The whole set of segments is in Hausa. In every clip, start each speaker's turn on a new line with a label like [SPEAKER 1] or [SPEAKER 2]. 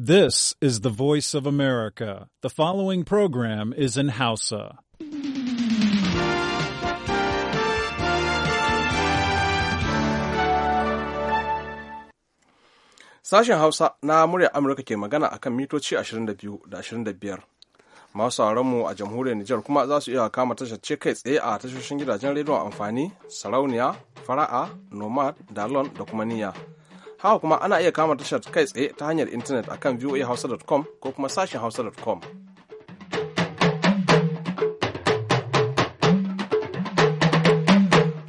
[SPEAKER 1] This is the voice of America. The following program is in
[SPEAKER 2] Hausa. Sashen Hausa na murya Amurka ke magana kan mitoci 22 da 25. Masu mu a jamhuriyar Nijar kuma za su iya kama tashar kai tsaye a tashoshin gidajen rediyon amfani, sarauniya, fara'a, nomad, dalon da kuma niyya. Haka kuma ana iya kama tashar kai tsaye ta hanyar intanet akan voahausa.com ko kuma sashen hausa.com.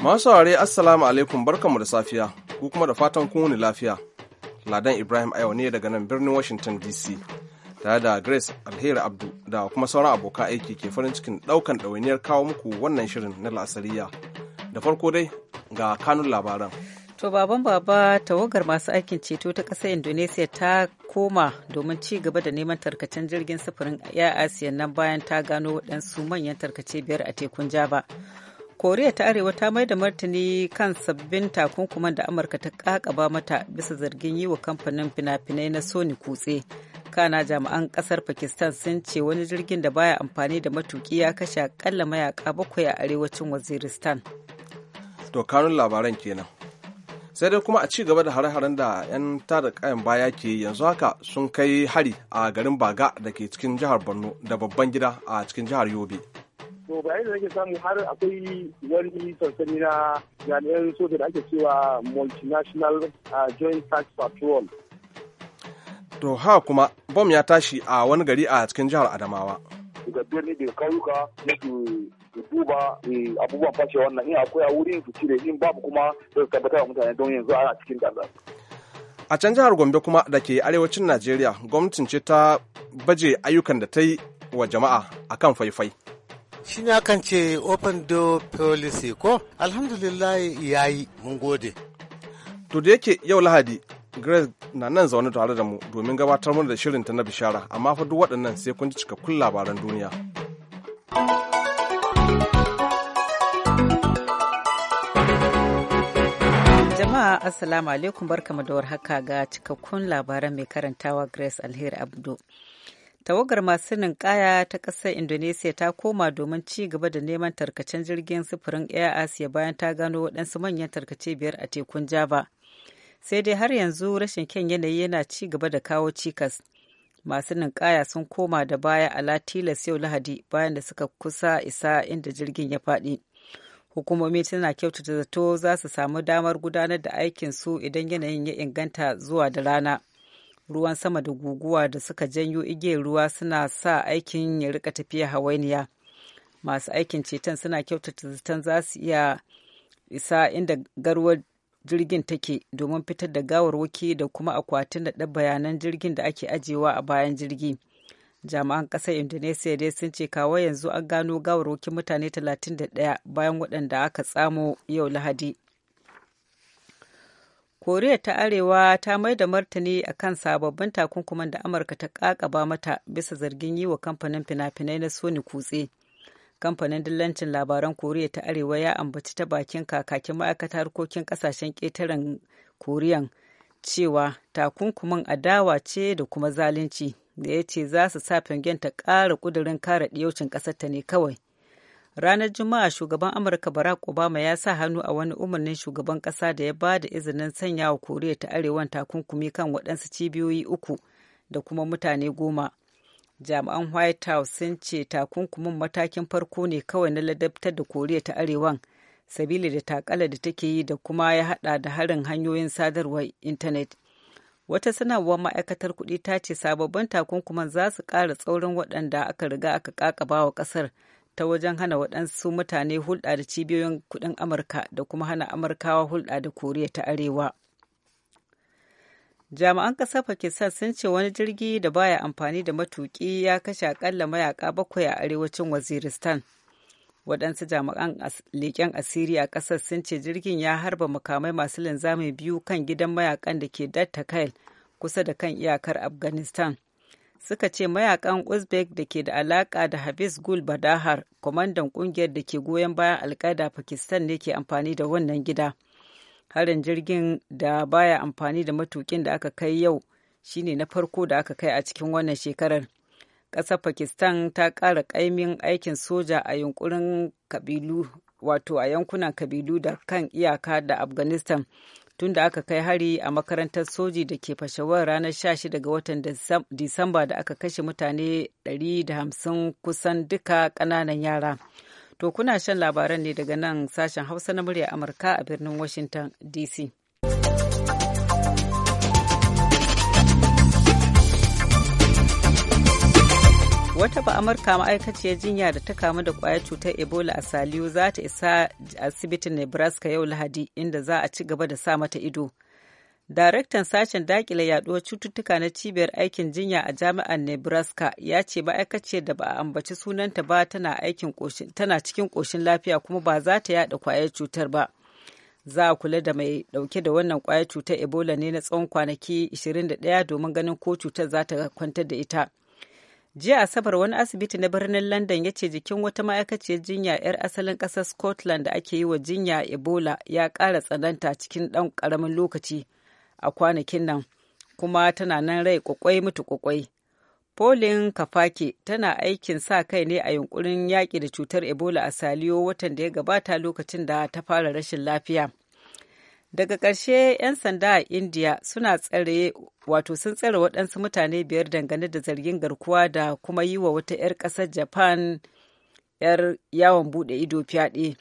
[SPEAKER 2] Masu saurare Assalamu alaikum barkanmu da safiya, ku kuma da fatan kun lafiya. Ladan Ibrahim a ne daga nan birnin Washington DC. Tare da Grace Alheri Abdu da kuma sauran abokan aiki ke farin cikin ɗaukan ɗawainiyar kawo muku wannan shirin na la'asariya. Da farko dai ga kanun labaran.
[SPEAKER 3] To baban baba tawagar masu aikin ceto ta ƙasar Indonesia ta koma domin ci gaba da neman tarkacen jirgin sufurin ya asiya nan bayan ta gano waɗansu manyan tarkace biyar a tekun Java. Koriya ta Arewa ta mai da martani kan sabbin takunkuman da Amurka ta kakaba mata bisa zargin yi wa kamfanin fina-finai na Sony kutse. Kana jami'an kasar Pakistan sun ce wani jirgin da baya amfani da matuki ya kashe akalla mayaka bakwai a arewacin Waziristan.
[SPEAKER 2] To karin labaran kenan. sai dai kuma a ci gaba da hare-haren da 'yan tada kayan baya ke yanzu haka sun kai hari a garin baga da ke cikin jihar borno da babban gida a cikin jihar yobe
[SPEAKER 4] to ba da nake samu har akwai wani sansani na jami'an soja da ake cewa multinational uh, joint tax patrol
[SPEAKER 2] to ha kuma bom ya tashi a wani gari a cikin jihar adamawa
[SPEAKER 4] daga su duba eh, abubuwan fashe wannan in akwai a wurin su cire in babu kuma sai su tabbatar mutane don yanzu ana cikin kaza.
[SPEAKER 2] A can jihar Gombe kuma da ke arewacin Najeriya gwamnatin ce ta baje ayyukan da ta yi wa jama'a akan faifai.
[SPEAKER 5] Shi ne akan ce open door policy ko? Alhamdulillah ya yi
[SPEAKER 2] mun gode. To da yake yau Lahadi Grace na nan zaune tare da mu domin gabatar mana da shirin ta na bishara, amma fa duk waɗannan sai kun ji cikakkun labaran duniya.
[SPEAKER 3] Jama'a Assalamu alaikum barkamu da warhaka ga cikakkun labaran mai karantawa Grace Alheri Abdu. Tawagar masu ninkaya ta ƙasar indonesiya ta koma domin ci gaba da neman tarkacen jirgin sufurin Air Asia bayan ta gano waɗansu manyan tarkace biyar a tekun Java. Sai dai har yanzu rashin kyan yanayi yana ci gaba da kawo cikas. masu ninkaya sun koma da baya a latilas yau lahadi bayan da suka kusa isa inda jirgin ya faɗi hukumomi tana kyautata zato za su samu damar gudanar da aikin su idan yanayin ya inganta zuwa da rana ruwan sama da guguwa da suka janyo igiyar ruwa suna sa aikin ya rika tafiya hawainiya masu aikin ceton suna kyautata zaton za su iya isa inda garwar jirgin take domin fitar da gawarwaki da kuma akwatin da bayanan jirgin da ake ajewa a bayan jirgi jami'an ƙasar indonesiya dai sun ce kawo yanzu an gano gawarwakin mutane 31 bayan waɗanda aka tsamo yau lahadi koriya ta arewa ta mai da martani a kan sababbin takunkuman da amurka ta ƙaƙaba mata bisa zargin yi wa kamfanin fina-finai na sony kutse kamfanin dillancin labaran koriya ta arewa ya ambaci ta bakin kakakin ma'aikata harkokin kasashen ƙetaren koriyan cewa takunkuman adawa ce da kuma zalunci da ya ce za su sa Pyongyang ta ƙara ƙudurin kare ɗiyaucin ƙasarta ne kawai. Ranar Juma'a shugaban Amurka Barack Obama ya sa hannu a wani umarnin shugaban ƙasa da ya ba da izinin sanya wa Koriya ta Arewan takunkumi kan waɗansu cibiyoyi uku da kuma mutane goma. Jami'an White House sun ce takunkumin matakin farko ne kawai na ladabtar da Koriya ta Arewan sabili da takala da take yi da kuma ya haɗa da harin hanyoyin sadarwar intanet. wata sanarwar ma'aikatar kuɗi ta ce sababbin takunkuman za su ƙara tsaurin waɗanda aka riga aka ƙaƙaba wa ƙasar ta wajen hana waɗansu mutane hulɗa da cibiyoyin kuɗin amurka da kuma hana amurkawa hulɗa da koriya ta arewa jami'an ƙasar pakistan sun ce wani jirgi da baya amfani da matuƙi ya kashe akalla mayaka bakwai a arewacin waziristan waɗansu jami'an leƙen asiri a ƙasar sun ce jirgin ya harba makamai masu linzami biyu kan gidan mayakan da ke datta kail kusa da kan iyakar afghanistan suka ce mayakan uzbek da ke da alaka da habis gul badahar kwamandan ƙungiyar da ke goyon bayan alkaida pakistan ne ke amfani da wannan gida harin jirgin da baya amfani da matukin da aka kai yau shine na farko da aka kai a cikin wannan shekarar ƙasar pakistan ta ƙara ƙaimin aikin soja a yunkurin kabilu wato a yankunan kabilu da kan iyaka da afghanistan tun da aka kai hari a makarantar soji da ke fashewar ranar 16 ga watan disamba da aka kashe mutane 150 kusan duka ƙananan yara to kuna shan labaran ne daga nan sashen hausa na murya amurka a birnin washington dc wata ba amurka ma'aikaciyar jinya da ta kamu da kwayar cutar ebola a saliyu za ta isa asibitin nebraska yau lahadi inda za a ci gaba da sa mata ido daraktan sashen dakile yaduwar cututtuka na cibiyar aikin jinya a jami'ar nebraska ya ce ma'aikaciyar da ba a ambaci sunanta ba tana tana cikin koshin lafiya kuma ba za ta yada kwayar cutar ba za a kula da mai dauke da wannan kwayar cutar ebola ne na tsawon kwanaki 21 domin ganin ko cutar za ta kwantar da ita jiya asabar wani asibiti na birnin london ya ce jikin wata ma'aikaciyar jinya 'yar asalin ƙasar scotland da ake yi wa jinya ebola ya ƙara tsananta cikin ɗan ƙaramin lokaci a kwanakin nan kuma tana nan rai kwakwai mutu kwakwai Polin Kafake tana aikin sa kai ne a yunkurin yaƙi da cutar Ebola a Saliyo watan da ya gabata lokacin da ta fara rashin lafiya. daga ƙarshe 'yan sanda a india suna tsare wato sun tsare waɗansu mutane biyar dangane da zargin garkuwa da kuma yi wa wata 'yar ƙasar japan 'yar yawon buɗe ido fyaɗe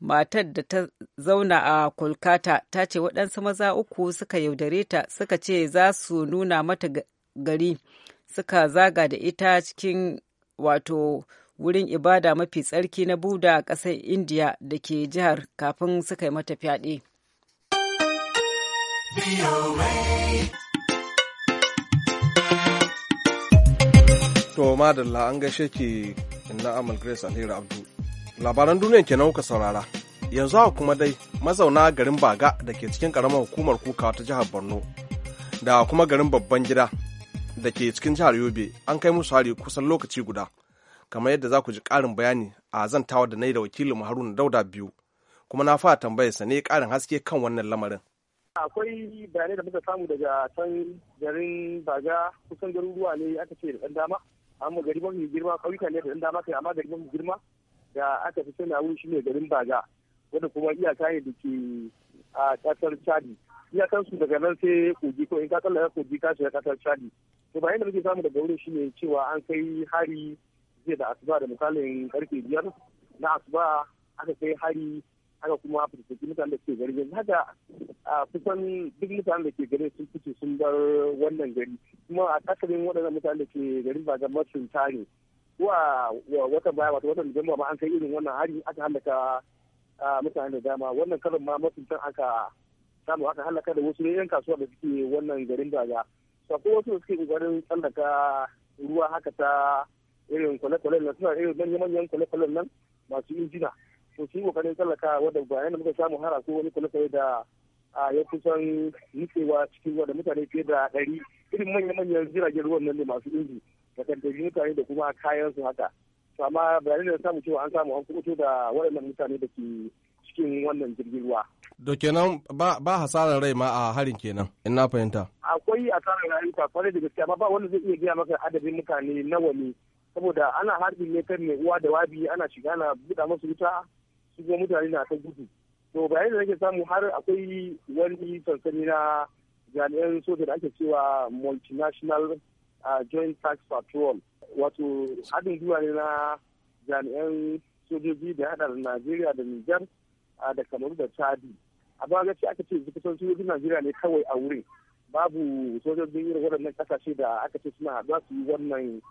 [SPEAKER 3] matar da ta zauna a kolkata ta ce waɗansu maza uku suka yaudare ta suka ce za su nuna mata gari suka zaga da ita cikin wato wurin ibada mafi tsarki na buda a ƙasar india da ke jihar kafin suka yi mata fyaɗe.
[SPEAKER 2] To madalla an gaishe ki na Amal Grace Alheri Abdu. Labaran duniya kenan kuka saurara. Yanzu haka kuma dai mazauna garin Baga da ke cikin karamar hukumar kuka ta jihar Borno da kuma garin babban gida da ke cikin jihar Yobe an kai musu hari kusan lokaci guda. Kamar yadda za ku ji ƙarin bayani a zantawa da na yi da wakilin Haruna Dauda biyu. Kuma na fara tambayarsa ne ƙarin haske kan wannan lamarin.
[SPEAKER 4] akwai bayanai da muka samu daga can garin baga kusan garuruwa ne aka ce da ɗan dama amma gari mafi girma kauyuka ne da ɗan dama kai amma gari mafi girma da aka fi sani a wuri shi ne garin baga wanda kuma iyaka ne da ke a kasar chadi iyakan su daga nan sai kogi ko in ka tsallaka kogi ka shiga kasar chadi to bayan da muke samu daga wurin shi ne cewa an kai hari jiya da asuba da misalin karfe biyar na asuba aka kai hari haka kuma fitattun mutane da ke gari yanzu haka a kusan duk mutane da ke gari sun fito sun bar wannan gari kuma a kasarin waɗannan mutane da ke gari ba ga masun tare wa wata baya wata wata da ma an kai irin wannan hari aka halaka mutane da dama wannan karin ma masuntan aka samu aka halaka da wasu yan kasuwa da suke wannan garin daga ko wasu suke kokarin tsallaka ruwa haka ta irin kwale kwale nan suna irin manyan-manyan kwale-kwalen nan masu injina to su yi kokarin tsallaka wadda bayan da muka samu hara ko wani kwale-kwale da ya kusan nutsewa cikin ruwa da mutane fiye da ɗari irin manya-manyan jiragen ruwan nan ne masu inji da kantaji mutane da kuma kayan su haka amma bayanin da samu cewa an samu an kuɓuto da waɗannan mutane da ke cikin wannan jirgin ruwa.
[SPEAKER 2] Do kenan ba, ba hasarar rai ma a harin kenan in na fahimta.
[SPEAKER 4] Akwai hasarar rayuka kwarai da gaske amma ba wanda zai iya gaya maka adadin mutane nawa ne saboda ana harbin ne kan mai uwa da wabi ana shiga ana buɗa musu wuta su mutane na ta gudu to bayan da nake samu har akwai wani sansani na jami'an soja da ake cewa multinational joint tax patrol wato haɗin zuwa ne na jami'an sojoji da yaɗa najeriya da nijar da kamaru da chadi a ba gaci aka ce kusan sojojin najeriya ne kawai a wurin babu sojojin irin waɗannan ƙasashe da aka ce suna haɗuwa su yi wannan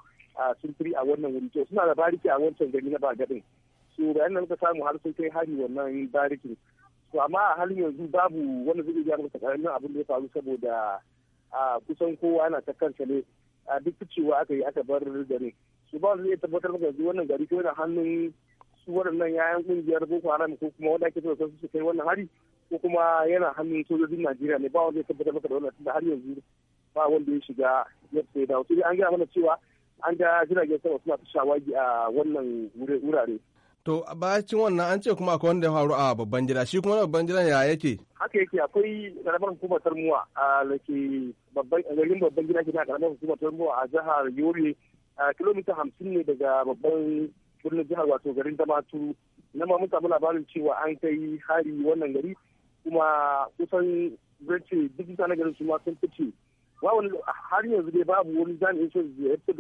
[SPEAKER 4] sintiri a wannan wuri to suna da bariki a wancan gari na bagadin so bayan da muka samu har sai kai hari wannan barikin to amma a halin yanzu babu wani zai iya maka karamin abin da ya faru saboda a kusan kowa na ta kanta ne a duk cewa aka yi aka bar gari su ba zai tabbatar maka yanzu wannan gari ko yana hannun su waɗannan yayan kungiyar boko haram ko kuma wanda ake tsoron su kai wannan hari ko kuma yana hannun sojojin najeriya ne ba wanda ya tabbatar maka da wannan tunda har yanzu ba wanda ya shiga ya sai an gaya mana cewa an ga jiragen sama suna ta shawagi a wannan wurare
[SPEAKER 2] To bacin wannan an ce kuma akwai wanda ya faru a babban gida shi kuma babban gidan ya yake?
[SPEAKER 4] Haka yake akwai karamar hukumar Tarmuwa a lake garin babban gida na karamar hukumar Tarmuwa a jihar a kilomita hamsin ne daga babban birnin jihar wato garin Damatu na ma mun samu labarin cewa an kai hari wannan gari kuma kusan zance duk mutanen garin su ma sun fice ba wani har yanzu dai babu wani jami'in sun ya fito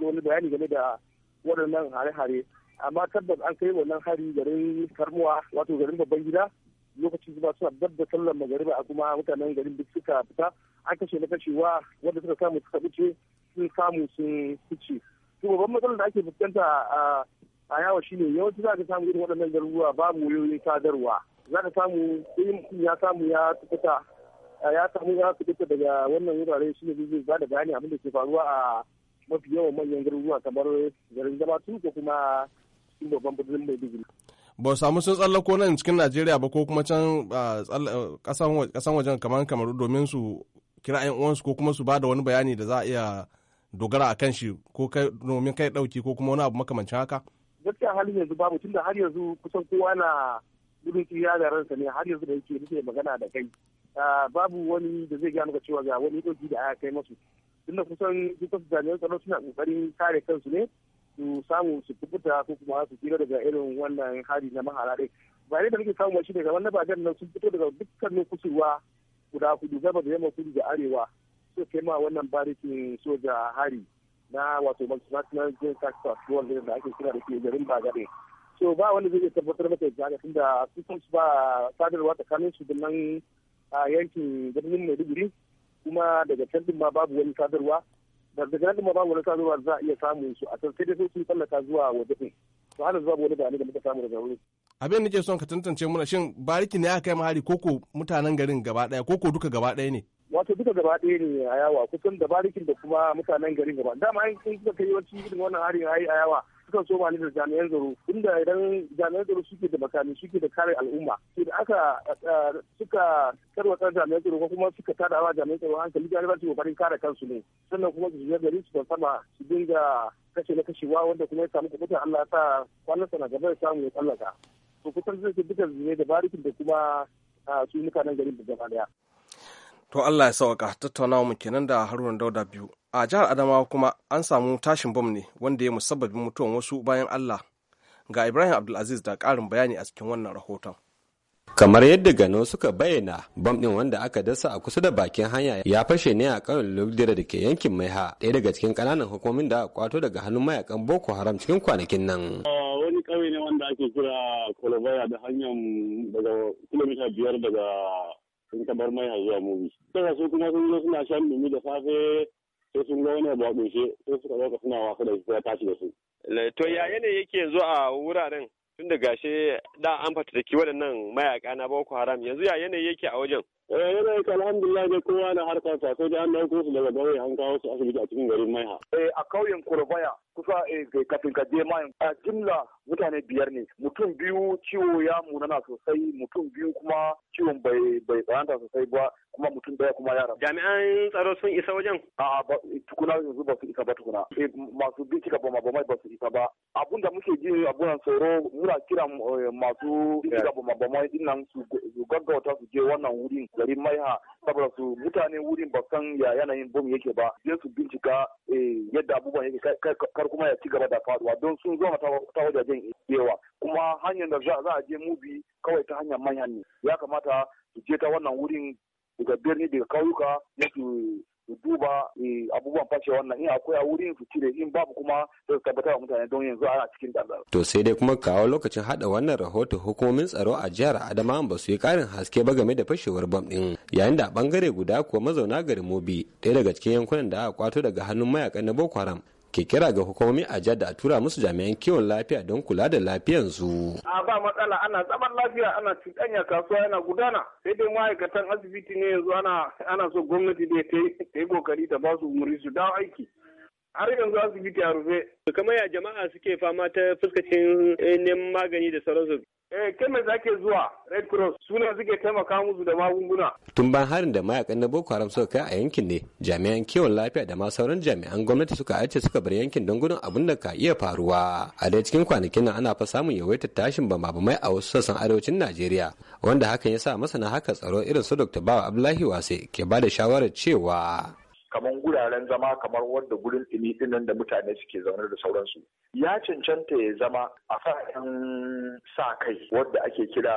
[SPEAKER 4] da wani bayani game da waɗannan hare-hare amma tabbas an kai wannan hari garin karmuwa wato garin babban gida lokacin zuba suna dab da sallar magariba a kuma mutanen garin duk suka fita an kashe na kashewa wanda suka samu suka fice sun samu sun fice to babban matsalar da ake fuskanta a yawa shine yawanci za ka samu irin waɗannan garuruwa babu wayoyin sadarwa za ka samu sai mutum ya samu ya fita ya samu ya fita daga wannan wurare shine zai ba da bayani abin da ke faruwa a mafi yawan manyan garuruwa kamar garin tun ko kuma cikin babban birnin Maiduguri.
[SPEAKER 2] Ba samu sun tsallako nan cikin Najeriya ba ko kuma can kasan wajen kamar kamaru domin su kira 'yan uwansu ko kuma su ba da wani bayani da za a iya dogara a kan shi ko kai domin kai ɗauki ko kuma wani abu makamancin haka?
[SPEAKER 4] Gaskiya halin yanzu babu tunda har yanzu kusan kowa na gudun tsira da ransa ne har yanzu da yake nake magana da kai. Babu wani da zai gaya maka cewa ga wani doki da aka kai masu. Tunda kusan dukkan jami'an tsaro suna kokarin kare kansu ne su samu su kubuta ko kuma su tsira daga irin wannan hari na mahara dai ne da muke samu shi ne wannan nabajen nan sun fito daga dukkanin kusurwa guda kudu zaba da yamma kudu da arewa so kai ma wannan barikin soja hari na wato multinational joint tax wanda da ake kira da ke garin bagare so ba wanda zai tabbatar maka da haka tunda su kansu ba sadarwa tsakanin su da nan a yankin birnin maiduguri kuma daga can ma babu wani sadarwa daga nan ma babu wani sadarwa za a iya samun su a can sai dai sun sun tsallaka zuwa waje ɗin to har zuwa wani bayanai da muka samu daga wurin.
[SPEAKER 2] abin nake son ka tantance muna shin bariki ne aka kai mahari koko mutanen garin gaba ɗaya koko duka gaba ɗaya ne.
[SPEAKER 4] wato duka gaba ɗaya ne a yawa kusan da barikin da kuma mutanen garin gaba dama in sun kai yawanci cikin wannan hari a yawa suka so ni da jami'an tsaro inda idan jami'an tsaro suke da makami suke da kare al'umma to da aka eh, suka tarwatsar jami'an tsaro ko kuma suka tada wa jami'an tsaro hankali jami'an su kokarin kare kansu ne sannan kuma su shiga gari su sama su dinga kashe na kashewa wanda kuma ya samu kubutar Allah sa kwanan sana gaba ya samu ya tsallaka to kusan zai ce bitar ne da barikin da kuma eh, su mutanen garin da gaba daya.
[SPEAKER 2] To Allah ya sauka tattaunawa mu kenan da Haruna Dauda biyu. a jihar adamawa kuma an samu tashin bom ne wanda ya musabbabin mutuwan wasu bayan allah ga ibrahim abdulaziz da karin bayani a cikin wannan rahoton
[SPEAKER 6] kamar yadda gano suka bayyana bom din wanda aka dasa a kusa da bakin hanya ya fashe ne a ƙauyen lubdira da ke yankin maiha ɗaya daga cikin ƙananan hukumomin da kwato daga hannun mayakan boko haram cikin kwanakin nan wani
[SPEAKER 4] ƙauye ne wanda ake kira kolobaya da hanyar daga kilomita biyar daga sun kabar maiha zuwa mubi kuma sun zo suna shan dumi da safe sai sun ga wani abu a ƙunshe sai suka ɗauka suna wasa da shi sai tashi da su.
[SPEAKER 6] to ya yanayi yake yanzu a wuraren tun da gashe da an fatattaki waɗannan mayaƙa na boko haram yanzu ya yanayi yake a wajen.
[SPEAKER 4] eh yanayi ka alhamdulillah ne kowa na harkar sa sai dai an ɗauko su daga gauye an kawo su asibiti a cikin garin maiha. eh a kauyen kurbaya kusa eh, kafin ka je mayan a jimla mutane biyar ne mutum biyu ciwo ya munana sosai mutum biyu kuma ciwon bai bai tsananta sosai ba kuma mutum daya kuma yara jami'an tsaro sun isa wajen a ba tukuna yanzu ba su isa ba tukuna eh, masu bi cika bama bamai ba su isa ba abun da muke ji abunan tsoro muna kira eh, masu bi cika bama bamai din nan su gaggauta su je wannan wurin garin maiha saboda su mutane wurin ba san ya yanayin bom yake ba je su bincika yadda abubuwan yake kar kuma ya ci gaba da faduwa don sun zo ta wajajen yawa kuma hanyar da za a je mubi kawai ta hanyar manyan ne ya kamata su je ta wannan wurin daga birni daga kauyuka ya su duba eh, abubuwan fashe wannan in akwai a wurin su cire in babu kuma sai su tabbatar mutane don yanzu ana cikin dandara.
[SPEAKER 6] To sai dai kuma kawo lokacin hada wannan rahoto hukumomin tsaro a jihar Adama ba su yi karin haske ba game da fashewar bam din yayin da a bangare guda kuwa mazauna garin Mobi ɗaya daga cikin yankunan da aka kwato daga hannun mayakan na Boko Haram ke kira ga hukumomi a jihar da a tura musu jami'an kiwon lafiya don kula da lafiyansu.
[SPEAKER 4] A ba matsala ana zaman lafiya ana cuɗanya kasuwa yana gudana sai dai ma'aikatan asibiti ne yanzu ana so gwamnati dai ta yi kokari ta ba su su dawo aiki. har yanzu asibiti a rufe. kamar ya jama'a suke fama ta fuskacin eh, neman magani da sauransu. Eh, kemis ake zuwa Red Cross suna suke taimaka musu da
[SPEAKER 6] magunguna. Tun ban harin da mayakan na Boko Haram suka kai a yankin ne, jami'an kiwon lafiya da ma sauran jami'an gwamnati suka aice suka bar yankin don gudun abin da ka iya faruwa. A dai cikin kwanakin nan ana fa samun yawaitar tashin bama mai a wasu sassan arewacin Najeriya, wanda hakan ya sa masana haka tsaro irin su Dr. Bawa Abdullahi Wase ke ba da shawarar cewa
[SPEAKER 4] kamar guraren zama kamar wadda gurin ɗumi ɗinan da mutane suke zaune da sauransu ya cancanta ya zama a sa'in sa kai wadda ake kira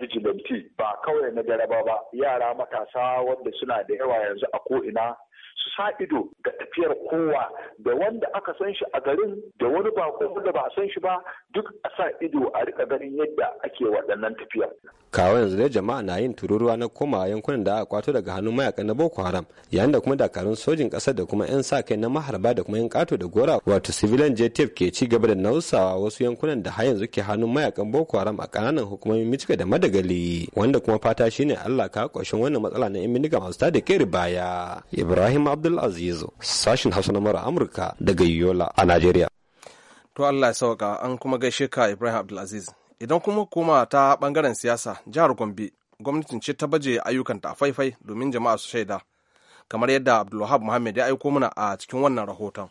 [SPEAKER 4] vigilante ba kawai na garaba ba yara matasa wadda suna da yawa yanzu a ko'ina su sa ido ga tafiyar kowa da wanda aka san shi a garin da wani bako da ba a san shi ba duk a sa ido a rika ganin yadda ake waɗannan tafiya.
[SPEAKER 6] kawo yanzu dai jama'a na yin tururuwa na koma yankunan da aka kwato daga hannun mayaka na boko haram yayin da kuma dakarun sojin ƙasar da kuma 'yan sa kai na maharba da kuma 'yan ƙato da gora wato civilian jtf ke ci gaba da nausawa wasu yankunan da har yanzu ke hannun mayakan boko haram a ƙananan hukumomin michiga da madagali wanda kuma fata shine allah ka ƙoshin wannan matsala na 'yan bindiga masu tada keri baya ibrahim abdulaziz sashin hausa na mara amurka daga yola a najeriya to Allah ya sauka an kuma gaishe ka
[SPEAKER 2] Ibrahim Abdulaziz. Idan kuma koma ta ɓangaren siyasa jihar Gombe gwamnatin ce ta baje ayyukanta a faifai domin jama'a su shaida kamar yadda Abdulwahab Muhammad ya aiko mana a cikin wannan rahoton.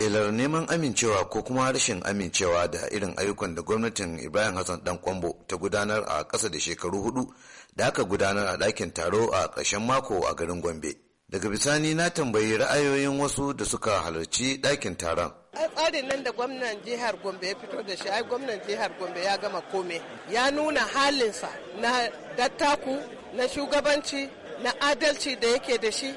[SPEAKER 5] ilar neman amincewa ko kuma rashin amincewa da irin ayyukan da gwamnatin ibrahim hassan dan kwambo ta gudanar a ƙasa da shekaru hudu da aka gudanar a ɗakin taro a ƙarshen mako a garin gombe daga bisani na tambayi ra'ayoyin wasu da suka halarci ɗakin taron
[SPEAKER 6] Ai tsarin nan da gwamnan jihar gombe ya fito da shi ai gwamnan jihar
[SPEAKER 5] gombe ya gama kome ya nuna halinsa na dattaku na shugabanci na adalci da yake da shi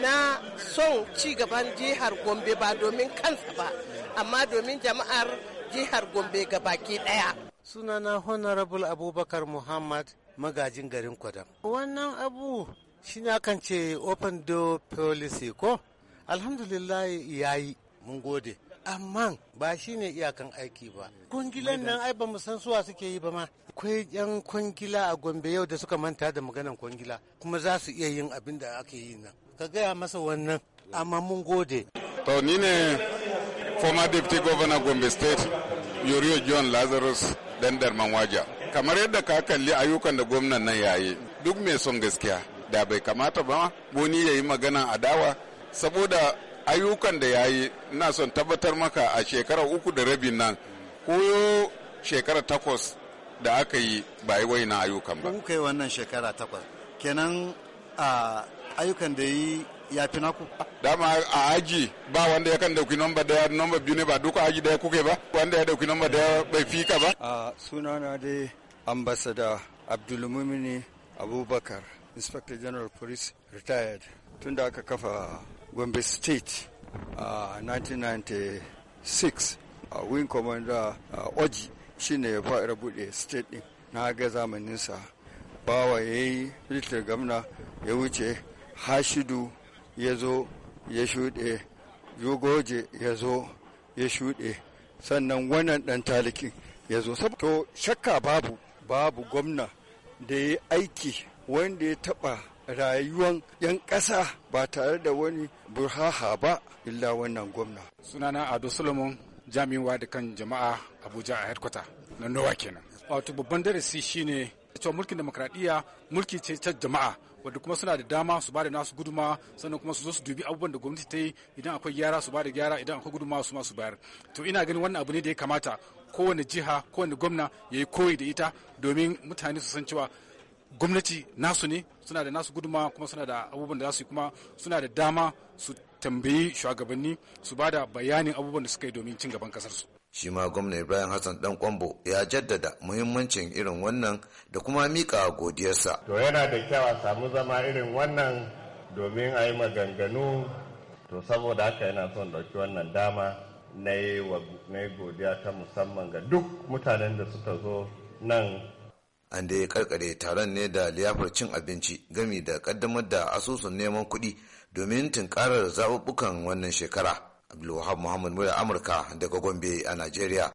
[SPEAKER 5] na son ci gaban jihar gombe ba domin kansa ba amma domin jama'ar jihar gombe ga baki daya sunana honorable abubakar muhammad magajin garin kwadam wannan abu shi ne akan ce open door policy ko alhamdulillah ya yi mun gode amma ba shi ne iyakan aiki ba kungilan nan ai ba san suwa suke yi ba ma akwai yan kungila a gombe yau da suka manta da maganan kungila, kuma za su iya yin abin da ake yi nan ka gaya masa wannan amma mun gode
[SPEAKER 7] to ni ne former deputy governor gombe state yorio john lazarus dan darman waja kamar yadda ka kalli ayyukan da gwamnan nan yayi duk mai son gaskiya da bai kamata ba boni ya yi magana adawa saboda ayyukan da ya yi ina son tabbatar maka a shekara uku da rabin nan ko shekara takwas da aka yi ba yi na ayyukan ba. Kuka yi wannan shekara takwas kenan a ayyukan da yi ya fi naku. Dama a aji ba wanda ya kan dauki nomba daya nomba biyu ne ba duka aji daya kuke ba wanda ya dauki nomba daya bai fi ka ba.
[SPEAKER 5] A sunana dai ambasada Abdulmumini Abubakar. inspector general police retired tun da aka kafa gombe state a uh, 1996 a uh, wing commander uh, oji shine ya fara bude state din na ga zamaninsa bawa ya yi little gamna ya wuce hashidu ya zo ya shuɗe yugoje ya zo ya shuɗe sannan wannan ɗan talikin ya zo to shakka babu babu gwamna da ya aiki wanda ya taɓa rayuwan 'yan ƙasa ba tare da wani burhaha ba illa
[SPEAKER 7] wannan gwamna. Sunana Ado Solomon jami'in da kan jama'a Abuja a headquarter na Nowa kenan. Wato babban darasi shine cewa mulkin demokradiyya mulki ce ta jama'a wadda kuma suna da dama su ba da nasu guduma sannan kuma su zo su dubi abubuwan da gwamnati ta yi idan akwai
[SPEAKER 2] gyara su ba da gyara idan akwai guduma su ma su bayar to ina ganin wannan abu ne da ya kamata kowane jiha kowane gwamna ya yi koyi da ita domin mutane su san cewa gwamnati nasu ne
[SPEAKER 7] suna da nasu guduma kuma suna da abubuwan da za su yi kuma suna da dama su tambayi shugabanni su ba da bayanin abubuwan da suka yi domin cin gaban kasarsu.
[SPEAKER 5] shi ma gwamna ibrahim hassan dan kwambo ya jaddada muhimmancin irin wannan da kuma mika godiyarsa
[SPEAKER 7] to yana da kyau a
[SPEAKER 6] samu zama irin wannan domin a yi maganganu to saboda haka yana son ɗauki wannan dama na yi godiya ta musamman ga duk mutanen da suka zo
[SPEAKER 5] nan an da ya karkare taron ne da liyafar cin abinci gami da kaddamar da asusun neman kuɗi domin tunkarar zaɓuɓɓukan wannan shekara abdulwahab muhammad mura amurka daga gombe a nigeria.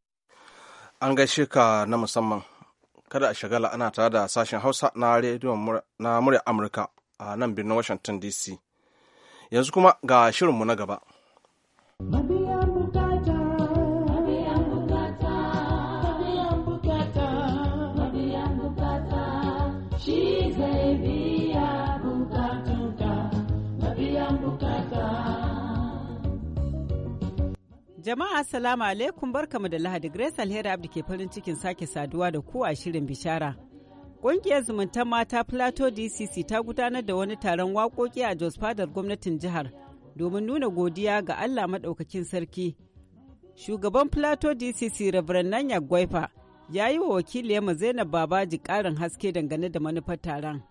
[SPEAKER 2] an gaishe ka na musamman kada a shagala ana tare da sashen hausa na rediyon na murya amurka a nan birnin washington dc yanzu kuma ga shirinmu na gaba.
[SPEAKER 3] Jama'a Assalamu alaikum barkamu da Lahadi Grace Alheri Abdi ke farin cikin sake saduwa da ku a shirin bishara. Ƙungiyar zumuntar mata Plateau DCC ta gudanar da wani taron waƙoƙi a Jos Fadar gwamnatin jihar domin nuna godiya ga Allah Maɗaukakin Sarki. Shugaban Plateau DCC Reverend Nanya Gwaifa ya yi wa wakiliyarmu Zainab Babaji ƙarin haske dangane da manufar taron.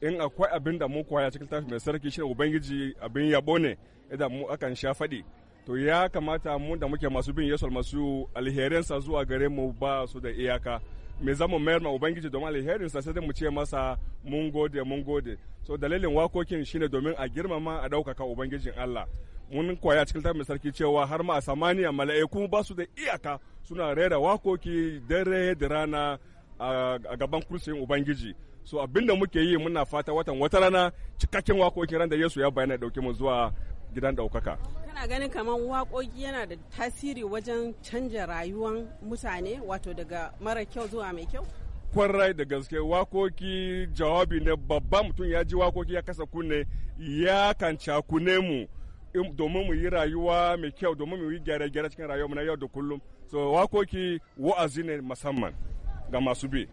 [SPEAKER 3] In
[SPEAKER 7] akwai abin da mu kwaya cikin tafi mai sarki shi Ubangiji abin yabo ne idan mu akan sha faɗi. to ya kamata mu da muke masu bin yesu masu alherinsa zuwa gare mu ba su da iyaka me mu mayar ma ubangiji domin alherinsa sai mu ce masa mun gode mun gode so dalilin wakokin shine domin a girmama a daukaka ubangijin allah mun koya cikin littafin sarki cewa har ma a samaniya mala'iku ba su da iyaka suna rera wakoki dare da rana a gaban kursiyin ubangiji so abinda muke yi muna fata watan wata rana cikakken wakokin ran da yesu ya bayyana dauke mu zuwa gidan ɗaukaka.
[SPEAKER 3] Kana ganin kamar waƙoƙi yana da tasiri wajen canja rayuwar mutane wato daga mara kyau zuwa mai kyau?
[SPEAKER 7] kwarai da gaske waƙoƙi jawabi ne babban mutum ya ji waƙoƙi ya kasa kunne ya kan cakune mu domin mu yi rayuwa mai kyau domin mu yi gyare-gyare cikin rayuwa na yau da kullum so waƙoƙi wa'azi ne musamman ga masu bi.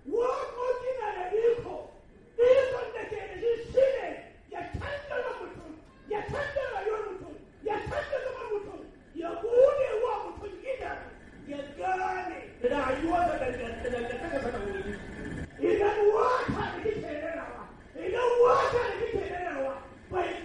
[SPEAKER 8] da idan wata da kike rerawa idan wata da kike rerawa bai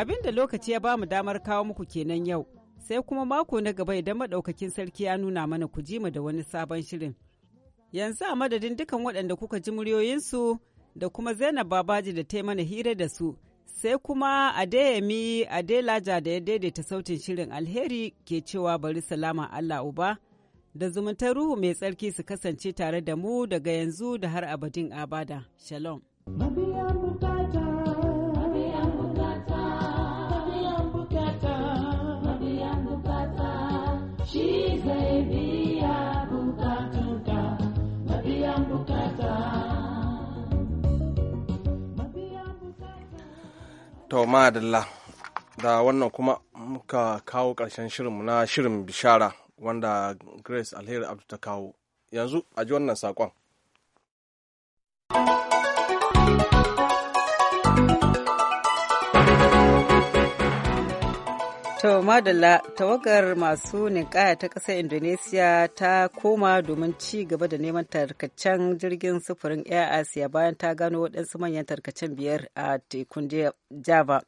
[SPEAKER 3] Abin da lokaci ya ba mu damar kawo muku kenan yau, sai kuma mako na gaba idan maɗaukakin sarki ya nuna mana ku ji mu da wani sabon shirin. Yanzu a madadin dukan waɗanda kuka ji muryoyinsu da kuma Zainab Babaji da ta mana hira da su, sai kuma Adeyemi Adelaja da ya daidaita sautin shirin alheri ke cewa bari salama Allah Uba. Da zumuntar ruhu mai tsarki su kasance tare da mu daga yanzu da har abadin abada. Shalom.
[SPEAKER 1] Babiya.
[SPEAKER 2] to da wannan kuma muka kawo ƙarshen shirinmu na shirin bishara wanda grace alheri abdu ta kawo yanzu a ji wannan saƙon
[SPEAKER 3] To Madalla tawagar masu ninkaya ta kasar Indonesia ta koma domin ci gaba da neman tarkacen jirgin sufurin Air Asia bayan ta gano waɗansu manyan tarkacen biyar a tekun Java.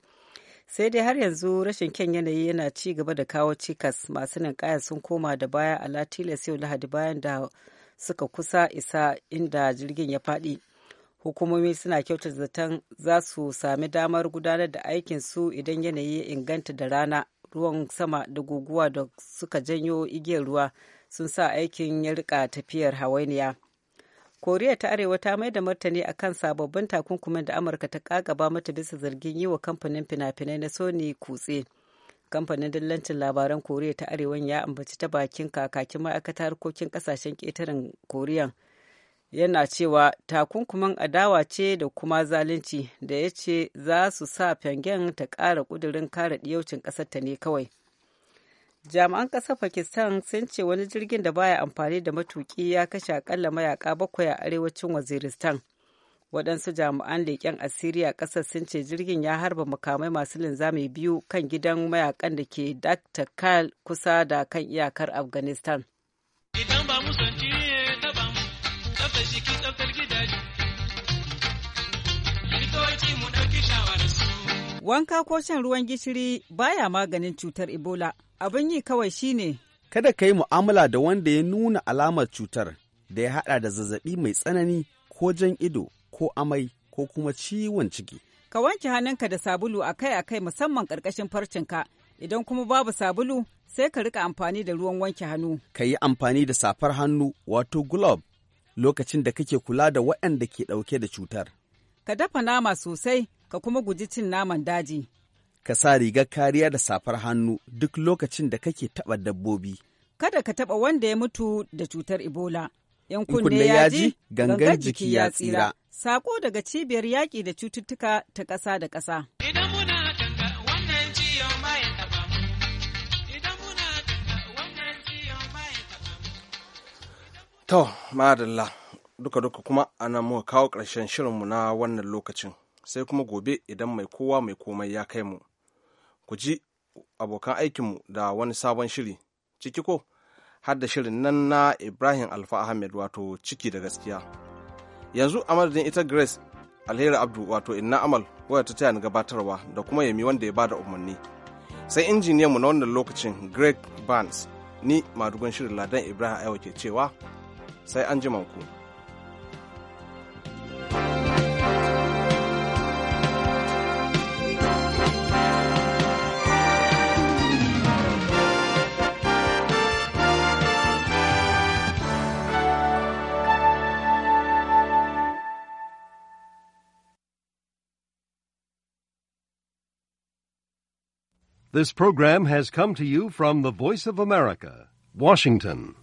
[SPEAKER 3] Sai dai har yanzu rashin kyan yanayi yana ci gaba da kawo cikas masu ninkaya sun koma da baya a Latilas yau Lahadi bayan da suka kusa isa inda jirgin ya faɗi. hukumomi suna kyauta zaton za su sami damar gudanar da aikin su idan yanayi ya inganta da rana ruwan sama da guguwa da suka janyo igiyar ruwa sun sa aikin ya rika tafiyar hawainiya koriya ta arewa ta mai da martani a kan sababbin takunkumin da amurka ta kagaba mata bisa zargin yi wa kamfanin fina-finai na sony kutse kamfanin dillancin labaran koriya ta arewa ya ambaci ta bakin kakakin ma'aikatar harkokin ƙasashen ƙetaren koriyan yana cewa takunkuman adawa ce da kuma zalunci da ya ce za su sa pyongyang ta kara ƙudurin kare ɗiyaucin ƙasarta ne kawai jami'an ƙasar pakistan sun ce wani jirgin da baya amfani da matuki ya kashe akalla mayaka bakwai a arewacin waziristan waɗansu jami'an leƙen asiri ƙasar sun ce jirgin ya harba makamai masu linzami biyu kan gidan mayakan da ke kal kusa da kan iyakar afghanistan Wanka ko shan ruwan gishiri baya maganin cutar Ebola. Abin yi kawai shi ne. Kada
[SPEAKER 2] ka yi mu'amala da wanda ya nuna alamar cutar da ya haɗa da zazzaɓi mai tsanani ko jan ido ko amai ko kuma ciwon ciki.
[SPEAKER 3] Ka wanke hannunka da sabulu akai-akai musamman ƙarƙashin farcinka. Idan kuma babu sabulu, sai ka rika amfani da ruwan wanke hannu.
[SPEAKER 2] Ka yi amfani da safar hannu wato glove lokacin da kake kula da waɗanda ke ɗauke da cutar.
[SPEAKER 3] Ka dafa nama sosai ka kuma guji cin naman daji.
[SPEAKER 2] Ka sa rigar kariya da safar hannu duk lokacin da kake taɓa dabbobi.
[SPEAKER 3] Kada ka taɓa wanda ya mutu da cutar Ebola. ‘Yan kunne ya ji, gangan jiki ya tsira. Sako daga cibiyar yaƙi da cututtuka ta ƙasa da ƙasa.
[SPEAKER 2] To, madalla, duka-duka kuma ana muka kawo ƙarshen shirinmu na wannan lokacin, sai kuma gobe idan mai kowa mai komai ya kai mu. Ku ji abokan aikinmu da wani sabon shiri, ciki ko har da shirin nan na Ibrahim Alfa Ahmed wato ciki da gaskiya. Yanzu a madadin ita Grace Alheri Abdu wato Inna Amal waya ta taya ni gabatarwa da kuma yami wanda ya bada umarni. Sai injiniyanmu na wannan lokacin Greg Barnes, ni madugan shirin Ladan Ibrahim Aiwa ke cewa sai an ku.
[SPEAKER 6] This program has come to you from the Voice of America, Washington.